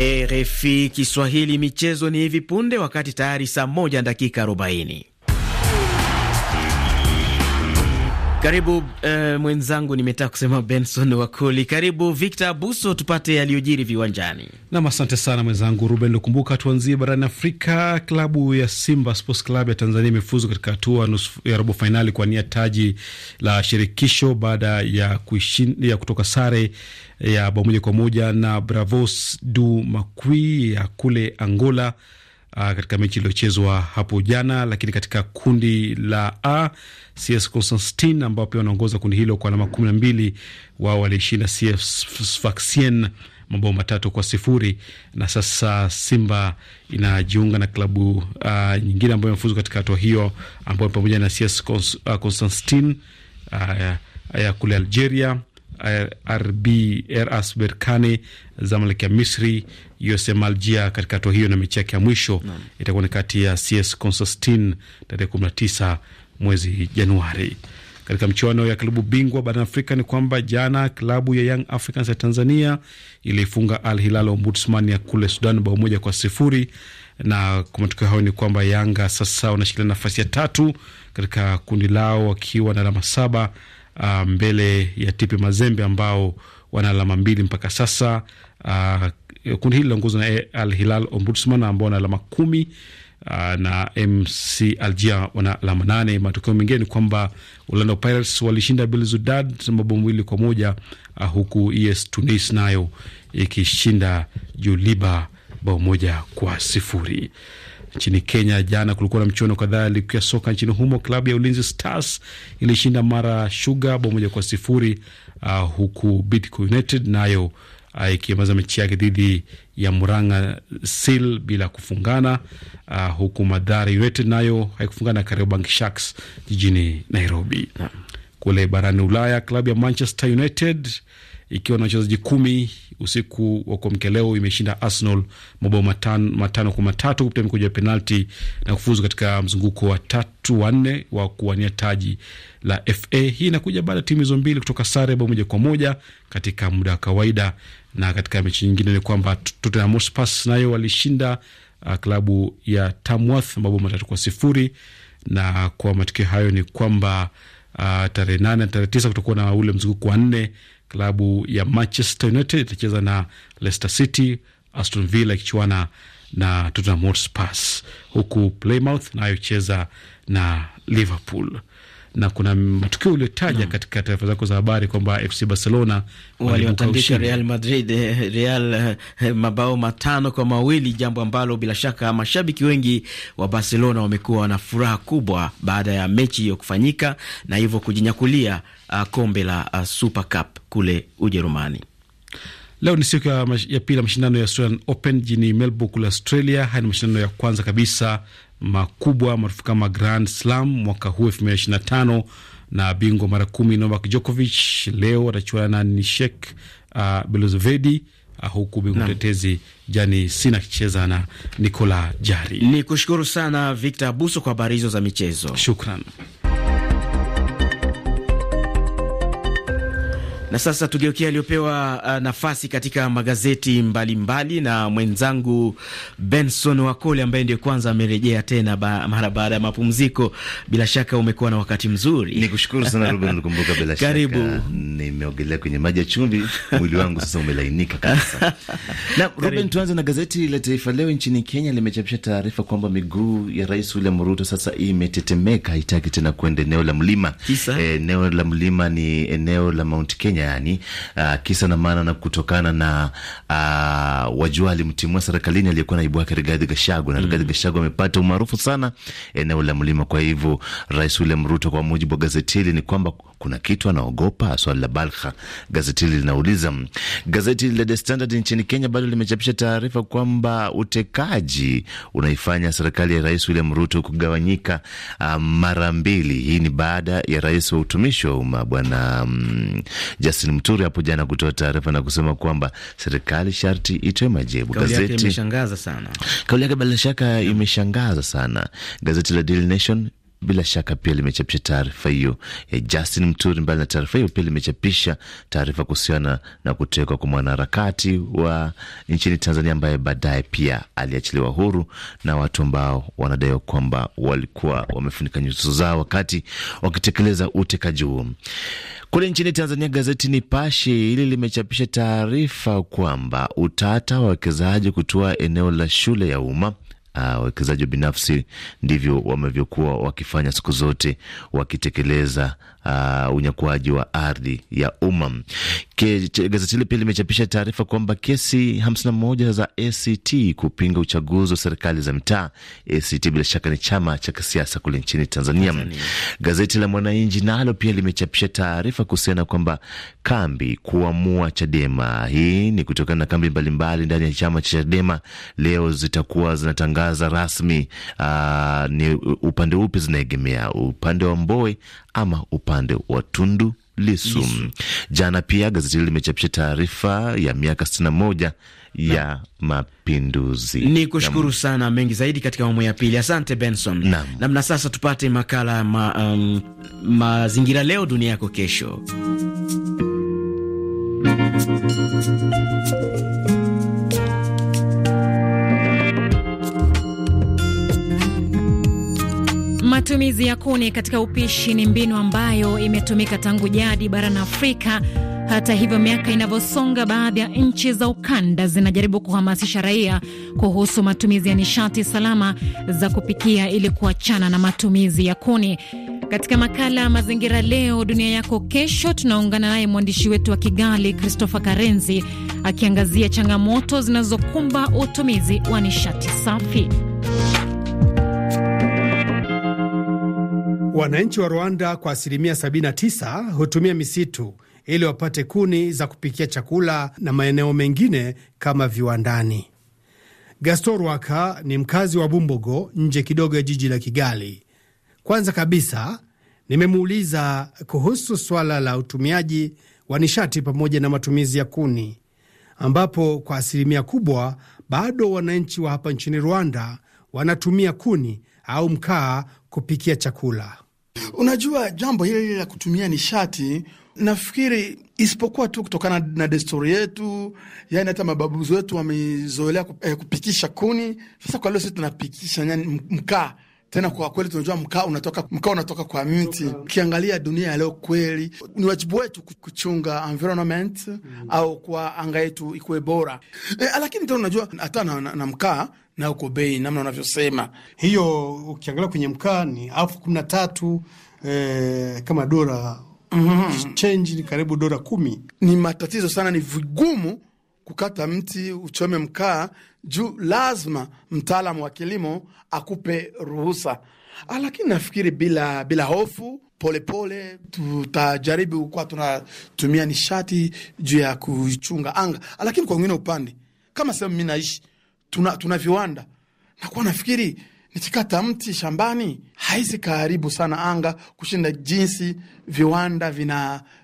RFI Kiswahili michezo ni hivi punde, wakati tayari saa moja na dakika arobaini. Karibu eh, mwenzangu, nimetaka kusema Benson Wakoli. Karibu Victor Buso, tupate yaliyojiri viwanjani. Nam, asante sana mwenzangu Ruben Lukumbuka. Tuanzie barani Afrika. Klabu ya Simba Sports Club ya Tanzania imefuzu katika hatua ya robo fainali kuwania taji la shirikisho baada ya, ya kutoka sare ya bao moja kwa moja na Bravos du Makui ya kule Angola uh, katika mechi iliyochezwa hapo jana. Lakini katika kundi la A CS Constantin ambao pia wanaongoza kundi hilo kwa alama kumi na mbili, wao walishinda CF Sfaxien mabao matatu kwa sifuri na sasa Simba inajiunga na klabu uh, nyingine ambayo imefuzu katika hatua hiyo ambayo pamoja na CS ah, Constantin uh, ya kule Algeria RS Berkane za ya Misri, USM Algia katika hatua hiyo, na mechi yake ya mwisho itakuwa ni kati ya CS Constantine tarehe 19 mwezi Januari. Katika mchuano ya klabu bingwa barani Afrika ni kwamba jana klabu ya Young Africans ya Tanzania iliifunga Al Hilal Ombudsman ya kule Sudan bao moja kwa sifuri na kwa matokeo hayo ni kwamba Yanga sasa wanashikilia nafasi ya tatu katika kundi lao wakiwa na alama saba uh, mbele ya tipi Mazembe ambao wana alama mbili mpaka sasa. Uh, kundi hili linaongozwa na Al Hilal Ombudsman ambao wana alama kumi ah, na MC Alger wana alama nane. Matokeo mengine ni kwamba Orlando Pirates walishinda Belzudad mabao mawili kwa moja uh, huku ES Tunis nayo ikishinda Juliba bao moja kwa sifuri. Nchini Kenya jana kulikuwa na mchuano kadhaa ligi ya soka nchini humo. Klabu ya Ulinzi Stars ilishinda Mara Sugar bao moja kwa sifuri uh, huku Bidco United nayo uh, ah, ikiamaza mechi yake dhidi ya Muranga Seal bila kufungana uh, huku Madhara United nayo haikufungana na Kariobangi Sharks jijini Nairobi. Kule barani Ulaya, klabu ya Manchester United ikiwa na wachezaji kumi usiku wa kuamkia leo imeshinda Arsenal mabao matano, matano kwa matatu kupitia mikoja ya penalti na kufuzu katika mzunguko wa tatu wanne wa kuwania taji la FA. Hii inakuja baada ya timu hizo mbili kutoka sare bao moja kwa moja katika muda wa kawaida. Na katika mechi nyingine ni kwamba Tottenham Hotspur nayo walishinda uh, klabu ya Tamworth mabao matatu kwa sifuri na kwa matokeo hayo ni kwamba uh, tarehe nane na tarehe tisa kutakuwa na ule mzunguko wa nne Klabu ya Manchester United itacheza na Leicester City, Aston Villa ikichuana na Tottenham Hotspur, huku Plymouth nayo cheza na Liverpool na kuna matukio uliotaja no. katika taarifa zako za habari kwamba FC Barcelona waliwatandika Real Madrid eh, Real eh, mabao matano kwa mawili, jambo ambalo bila shaka mashabiki wengi wa Barcelona wamekuwa na furaha kubwa baada ya mechi hiyo kufanyika na hivyo kujinyakulia uh, kombe la uh, Super Cup kule Ujerumani. Leo ni siku ya pili ya mashindano ya Australian Open Melbourne kule Australia. Haya ni mashindano ya kwanza kabisa makubwa maarufu kama Grand Slam mwaka huu tano na bingwa mara kumi Novak Djokovic leo atachuana na Nishek uh, Belozovedi uh, huku bingwa mtetezi Jani Sina akicheza na Nicola Jari. Ni kushukuru sana Victor Abuso kwa habari hizo za michezo, shukran. Na sasa tugeukia aliyopewa uh, nafasi katika magazeti mbalimbali mbali, na mwenzangu Benson Wakole ambaye ndio kwanza amerejea tena ba, mara baada ya mapumziko. Bila shaka umekuwa na wakati mzuri. Nikushukuru sana Ruben nikumbuka bila shaka karibu. Nimeogelea kwenye maji ya chumbi, mwili wangu sasa umelainika kabisa. Na Ruben, tuanze na gazeti la Taifa Leo nchini Kenya, limechapisha taarifa kwamba miguu ya Rais William Ruto sasa imetetemeka, haitaki tena kuenda eneo la mlima. Eh, eneo la mlima ni eneo la Mount Kenya yani uh, kisa na maana na kutokana na uh, wajua alimtimua serikalini aliyekuwa naibu wake Rigathi Gachagua na Rigathi mm. Gachagua amepata umaarufu sana eneo la mlima. Kwa hivyo Rais William Ruto, kwa mujibu wa gazeti hili, ni kwamba kuna kitu anaogopa swali la balkha. Gazeti hili linauliza. Gazeti la The Standard nchini Kenya bado limechapisha taarifa kwamba utekaji unaifanya serikali ya Rais William Ruto kugawanyika uh, mara mbili. Hii ni baada ya rais wa utumishi wa umma bwana um, Justin Mturi hapo jana kutoa taarifa na kusema kwamba serikali sharti itoe majibu. Gazeti imeshangaza sana, kauli yake bila shaka imeshangaza sana. Gazeti la Daily Nation bila shaka pia limechapisha taarifa hiyo ya eh, Justin Mturi. Mbali na taarifa hiyo, pia limechapisha taarifa kuhusiana na kutekwa kwa mwanaharakati wa nchini Tanzania ambaye baadaye pia aliachiliwa huru na watu ambao wanadaiwa kwamba walikuwa wamefunika nyuso zao wakati wakitekeleza utekaji huo. Kule nchini Tanzania, gazeti Nipashe hili limechapisha taarifa kwamba utata wa wawekezaji kutoa eneo la shule ya umma Ah, wawekezaji uh, wa binafsi ndivyo wamevyokuwa wakifanya siku zote, wakitekeleza uh, unyakuaji wa ardhi ya umma. Gazeti hili pia limechapisha taarifa kwamba kesi 51 za ACT kupinga uchaguzi wa serikali za mitaa. ACT bila shaka ni chama cha kisiasa kule nchini Tanzania. Tanzania. Gazeti la Mwananchi nalo pia limechapisha taarifa kuhusiana kwamba kambi kuamua Chadema. Hii ni kutokana na kambi mbalimbali ndani ya chama cha Chadema leo zitakuwa zinatangaza rasmi, uh, ni upande upi zinaegemea, upande wa mboe ama upande wa Tundu Lisu. Lisu. Jana pia gazeti hili limechapisha taarifa ya miaka 61 ya na mapinduzi. Ni kushukuru sana, mengi zaidi katika awamu ya pili. Asante Benson. namna Namna sasa tupate makala ma, um, mazingira leo dunia yako kesho. Matumizi ya kuni katika upishi ni mbinu ambayo imetumika tangu jadi barani Afrika. Hata hivyo, miaka inavyosonga, baadhi ya nchi za ukanda zinajaribu kuhamasisha raia kuhusu matumizi ya nishati salama za kupikia ili kuachana na matumizi ya kuni. Katika makala ya mazingira leo dunia yako kesho, tunaungana naye mwandishi wetu wa Kigali Christopher Karenzi akiangazia changamoto zinazokumba utumizi wa nishati safi. Wananchi wa Rwanda kwa asilimia 79 hutumia misitu ili wapate kuni za kupikia chakula na maeneo mengine kama viwandani. Gaston Rwaka ni mkazi wa Bumbogo, nje kidogo ya jiji la Kigali. Kwanza kabisa nimemuuliza kuhusu swala la utumiaji wa nishati pamoja na matumizi ya kuni, ambapo kwa asilimia kubwa bado wananchi wa hapa nchini Rwanda wanatumia kuni au mkaa kupikia chakula. Unajua, jambo hili hili la kutumia nishati nafikiri isipokuwa tu kutokana na desturi yetu, yani hata mababu zetu wamezoelea eh, kupikisha kuni. Sasa kwa leo sisi tunapikisha mkaa tena kwa kweli tunajua mkaa unatoka, mkaa unatoka kwa mti. Ukiangalia dunia ya leo, kweli ni wajibu wetu kuchunga environment mm -hmm. au kwa anga yetu ikuwe bora e, lakini tena unajua hata na, na, na mkaa na uko bei namna unavyosema hiyo. Ukiangalia kwenye mkaa ni elfu kumi na tatu eh, kama dola mm -hmm. change ni karibu dola kumi. Ni matatizo sana, ni vigumu kukata mti uchome mkaa juu lazima mtaalamu wa kilimo akupe ruhusa, ah, lakini nafikiri bila bila hofu polepole tutajaribu kuwa tunatumia nishati juu ya kuchunga anga, ah, lakini kwa wengine upande kama sehemu mi naishi tuna, tuna viwanda nakuwa nafikiri nikikata mti shambani haizi kaharibu sana anga kushinda jinsi viwanda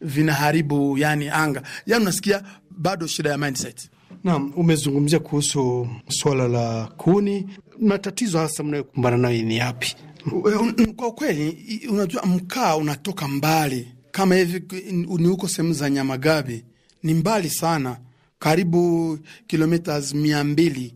vinaharibu vina yani anga, yani unasikia bado shida ya mindset. Naam, umezungumzia kuhusu swala la kuni, matatizo hasa mnayokumbana nayo ni yapi? Kwa kweli, unajua mkaa unatoka mbali, kama hivi ni huko sehemu za Nyamagabe, ni mbali sana, karibu kilomita mia mbili.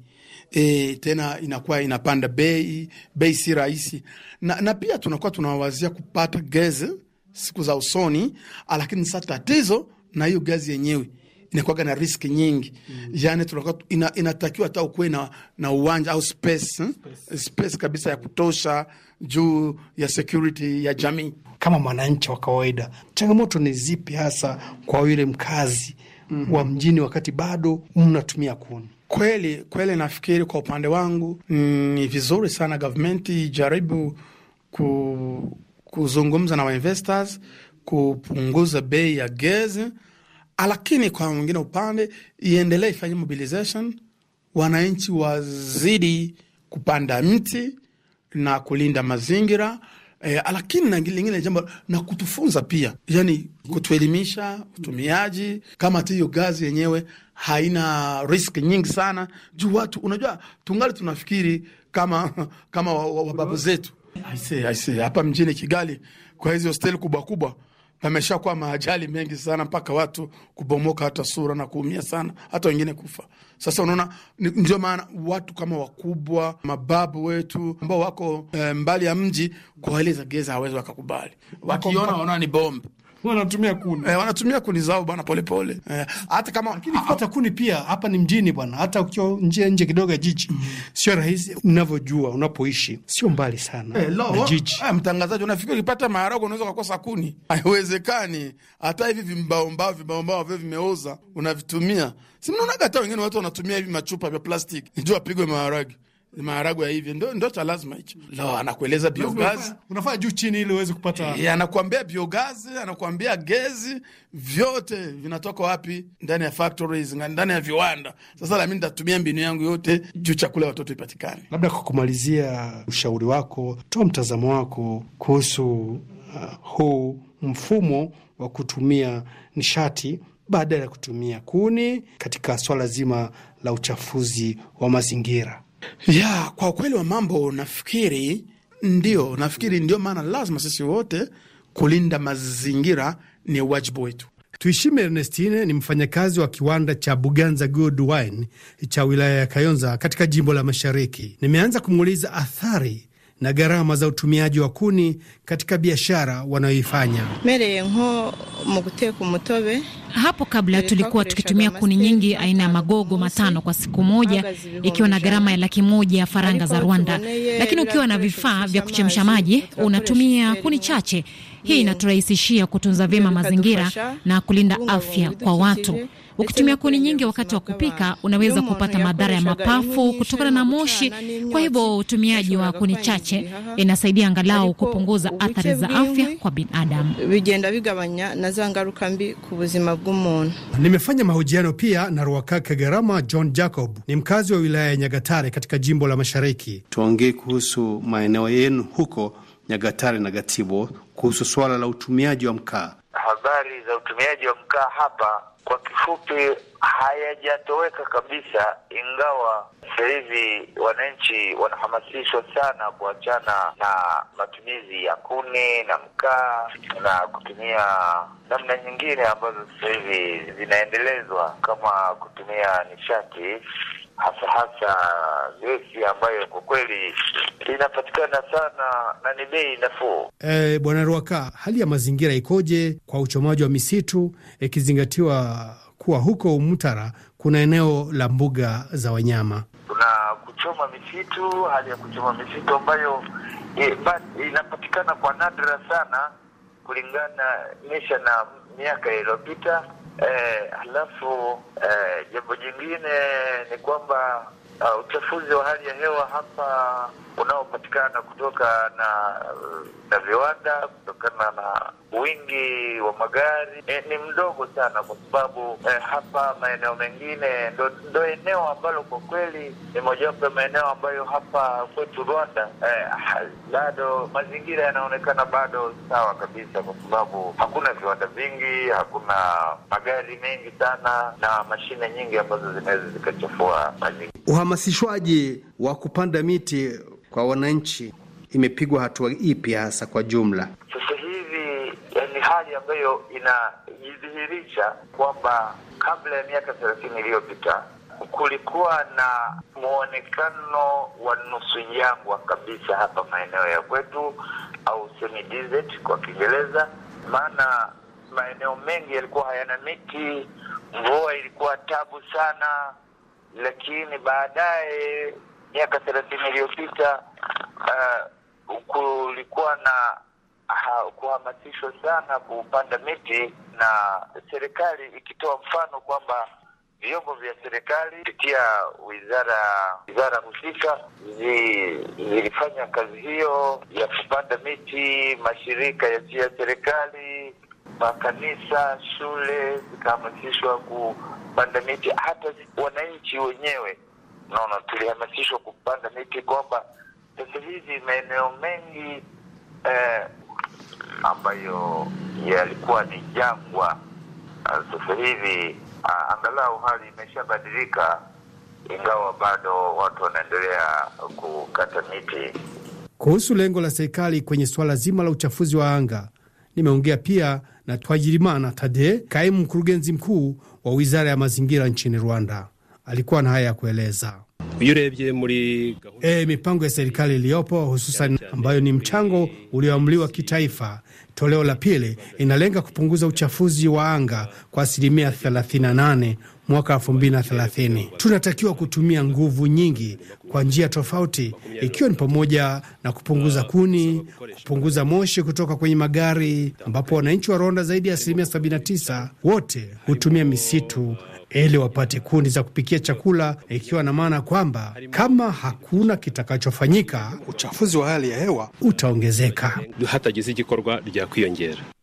E, tena inakuwa inapanda bei, bei si rahisi na, na pia tunakuwa tunawazia kupata gezi siku za usoni, lakini sasa tatizo na hiyo gezi yenyewe inakuwaga na riski nyingi mm. Yani tunakuwa ina, inatakiwa hata ukuwe na, na uwanja au space, hmm? space. Space kabisa ya kutosha juu ya security ya jamii. Kama mwananchi wa kawaida, changamoto ni zipi hasa kwa yule mkazi mm -hmm. wa mjini wakati bado mnatumia kuni? Kweli kweli, nafikiri kwa upande wangu mm, ni vizuri sana gavumenti ijaribu ku, kuzungumza na wainvestors kupunguza bei ya gesi Ah, lakini kwa mwingine upande iendelee ifanye mobilization, wananchi wazidi kupanda mti na kulinda mazingira e, lakini na lingine jambo na kutufunza pia, yani kutuelimisha utumiaji, kama tu hiyo gazi yenyewe haina risk nyingi sana juu watu, unajua tungali tunafikiri kama kama wababu zetu. I see, I see. Hapa mjini Kigali kwa hizi hosteli kubwa kubwa yameshakuwa maajali mengi sana mpaka watu kubomoka hata sura na kuumia sana, hata wengine kufa. Sasa unaona, ndio maana watu kama wakubwa, mababu wetu ambao wako e, mbali ya mji kuwaeleza geza hawezi wakakubali, wakiona wanaona ni bomba wanatumia kuni eh, wanatumia kuni zao bwana, polepole eh, hata kama lakini kupata kuni pia hapa ni mjini bwana, hata ukiwa nje nje kidogo ya jiji mm, sio rahisi unavyojua, unapoishi sio mbali sana eh, na jiji eh, mtangazaji, unafikiri ukipata maharagwe unaweza kukosa kuni? Haiwezekani. Hata hivi vimbaombao vimbaombao vyo mbao vimeoza unavitumia, si mnaona hata wengine watu wanatumia hivi machupa vya plastiki juu apigwe maharagwe maharagwe ya hivi ndo, ndo cha lazima hicho. Lo, anakueleza biogazi unafanya juu chini ili uweze kupata e, anakuambia biogazi, anakuambia gezi, vyote vinatoka wapi? Ndani ya factories, ndani ya viwanda. Sasa nami nitatumia mbinu yangu yote juu chakula watoto ipatikane. Labda kwa kumalizia, ushauri wako, toa mtazamo wako kuhusu uh, huu mfumo wa kutumia nishati badala ya kutumia kuni katika swala zima la uchafuzi wa mazingira. Ya, kwa ukweli wa mambo nafikiri ndio, nafikiri ndio maana lazima sisi wote kulinda mazingira ni wajibu wetu. Tuishime Ernestine ni mfanyakazi wa kiwanda cha Buganza Good Wine cha wilaya ya Kayonza katika jimbo la Mashariki. Nimeanza kumuuliza athari na gharama za utumiaji wa kuni katika biashara wanayoifanya. Hapo kabla tulikuwa tukitumia kuni nyingi aina ya magogo matano kwa siku moja, ikiwa na gharama ya laki moja ya faranga za Rwanda, lakini ukiwa na vifaa vya kuchemsha maji unatumia kuni chache hii hmm. inaturahisishia kutunza vyema mazingira na kulinda afya kwa watu. Ukitumia kuni nyingi wakati wa kupika, unaweza kupata madhara ya mapafu kutokana na moshi. Kwa hivyo utumiaji wa kuni chache inasaidia angalau kupunguza athari za afya kwa binadamu. Nimefanya mahojiano pia na ruakake Garama John Jacob, ni mkazi wa wilaya ya Nyagatare katika jimbo la Mashariki. Tuongee kuhusu maeneo yenu huko Nyagatare na Gatibo kuhusu suala la utumiaji wa mkaa. Habari za utumiaji wa mkaa hapa kwa kifupi hayajatoweka kabisa, ingawa sasa hivi wananchi wanahamasishwa sana kuachana na matumizi ya kuni na mkaa na kutumia namna nyingine ambazo sasa hivi zinaendelezwa kama kutumia nishati hasa hasa gesi ambayo kwa kweli inapatikana sana na ni bei nafuu. E, Bwana Ruaka, hali ya mazingira ikoje kwa uchomaji wa misitu ikizingatiwa kuwa huko Mtara kuna eneo la mbuga za wanyama? Kuna kuchoma misitu, hali ya kuchoma misitu ambayo e, inapatikana kwa nadra sana kulingana nisha na miaka iliyopita. Eh, halafu eh, jambo jingine ni kwamba Uh, uchafuzi wa hali ya hewa hapa unaopatikana kutoka na na viwanda kutokana na wingi wa magari e, ni mdogo sana kwa sababu e, hapa maeneo mengine ndo, ndo eneo ambalo kwa kweli ni mojawapo ya maeneo ambayo hapa kwetu Rwanda e, bado mazingira yanaonekana bado sawa kabisa, kwa sababu hakuna viwanda vingi, hakuna magari mengi sana na mashine nyingi ambazo zinaweza zikachafua mazingira. Uhamasishwaji wa kupanda miti kwa wananchi, imepigwa hatua ipi hasa kwa jumla sasa hivi? ni hali ambayo inajidhihirisha kwamba kabla ya miaka thelathini iliyopita kulikuwa na mwonekano wa nusu jangwa kabisa hapa maeneo ya kwetu au semi desert kwa Kiingereza, maana maeneo mengi yalikuwa hayana miti, mvua ilikuwa tabu sana lakini baadaye miaka thelathini iliyopita uh, kulikuwa na uh, kuhamasishwa sana kupanda miti na serikali ikitoa mfano kwamba vyombo vya serikali kupitia wizara wizara husika zilifanya kazi hiyo ya kupanda miti, mashirika yasiyo ya serikali, makanisa, shule zikahamasishwa ku kupanda miti. Hata wananchi wenyewe naona tulihamasishwa kupanda miti, kwamba sasa hivi maeneo mengi eh, ambayo yalikuwa ni jangwa ah, sasa hivi ah, angalau hali imeshabadilika, ingawa bado watu wanaendelea kukata miti. Kuhusu lengo la serikali kwenye suala zima la uchafuzi wa anga, nimeongea pia na Twajirimana Tade, kaimu mkurugenzi mkuu wa wizara ya mazingira nchini Rwanda. Alikuwa na haya ya kueleza e, mipango ya serikali iliyopo hususan ambayo ni mchango ulioamliwa kitaifa toleo la pili inalenga kupunguza uchafuzi wa anga kwa asilimia 38 mwaka 2030. Tunatakiwa kutumia nguvu nyingi kwa njia tofauti, ikiwa ni pamoja na kupunguza kuni, kupunguza moshi kutoka kwenye magari, ambapo wananchi wa Rwanda zaidi ya asilimia 79 wote hutumia misitu ili wapate kundi za kupikia chakula, ikiwa na maana kwamba kama hakuna kitakachofanyika, uchafuzi wa hali ya hewa utaongezeka.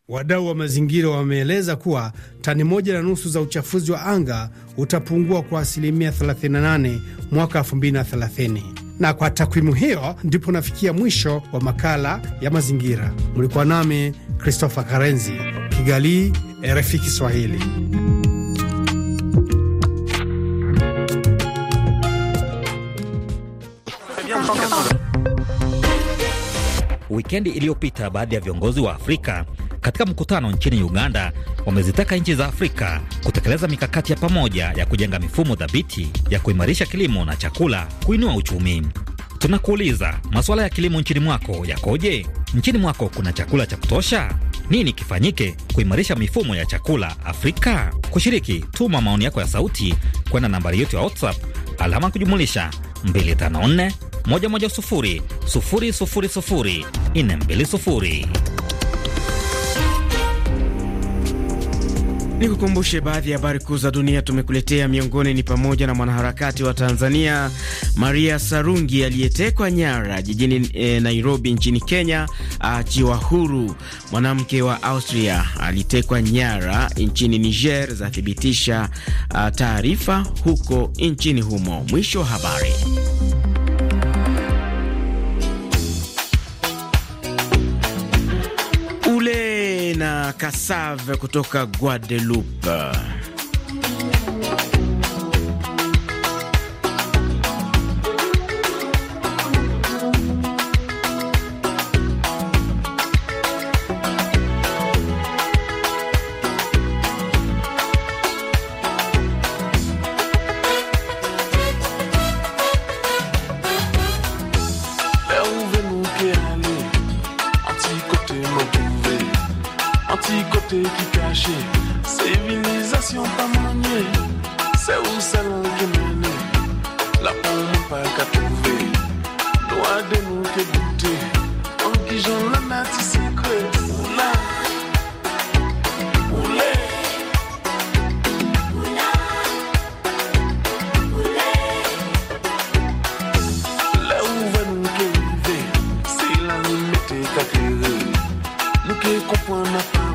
Wadau wa mazingira wameeleza kuwa tani moja na nusu za uchafuzi wa anga utapungua kwa asilimia 38 mwaka 2030. Na kwa takwimu hiyo ndipo nafikia mwisho wa makala ya mazingira. Mlikuwa nami Christopher Karenzi, Kigali, RFI Kiswahili. Wikendi iliyopita baadhi ya viongozi wa Afrika katika mkutano nchini Uganda wamezitaka nchi za Afrika kutekeleza mikakati ya pamoja ya kujenga mifumo dhabiti ya kuimarisha kilimo na chakula, kuinua uchumi. Tunakuuliza, masuala ya kilimo nchini mwako yakoje? Nchini mwako kuna chakula cha kutosha? Nini kifanyike kuimarisha mifumo ya chakula Afrika? Kushiriki, tuma maoni yako ya sauti kwenda nambari yetu ya WhatsApp alama kujumulisha moja moja sufuri sufuri sufuri sufuri 110 mbili sufuri Ni kukumbushe baadhi ya habari kuu za dunia tumekuletea. Miongoni ni pamoja na mwanaharakati wa Tanzania Maria Sarungi aliyetekwa nyara jijini e, Nairobi nchini Kenya aachiwa huru. Mwanamke wa Austria alitekwa nyara nchini Niger, zathibitisha ah, taarifa huko nchini humo. Mwisho wa habari. Kasave kutoka Guadeloupe. que copo en la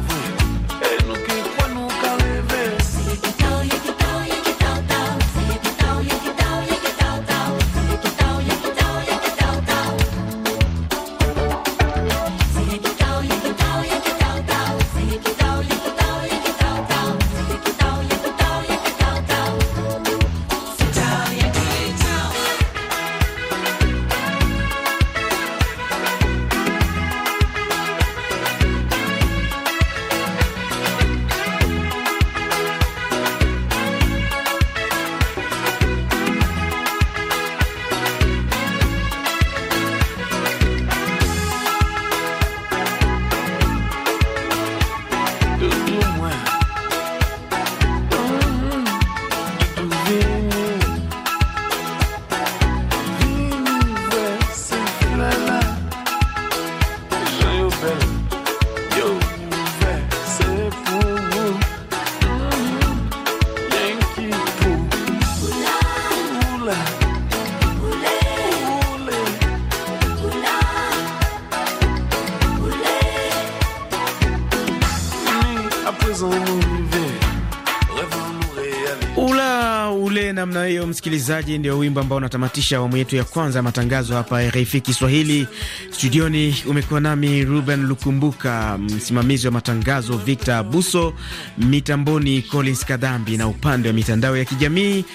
ula ule namna hiyo, msikilizaji, ndio wimbo ambao unatamatisha awamu yetu ya kwanza ya matangazo hapa RFI Kiswahili. Studioni umekuwa nami Ruben Lukumbuka, msimamizi wa matangazo Victor Buso, mitamboni Collins Kadhambi, na upande wa mitandao ya kijamii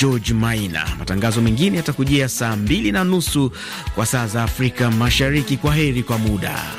George Maina. Matangazo mengine yatakujia saa mbili na nusu kwa saa za Afrika Mashariki. Kwa heri kwa muda.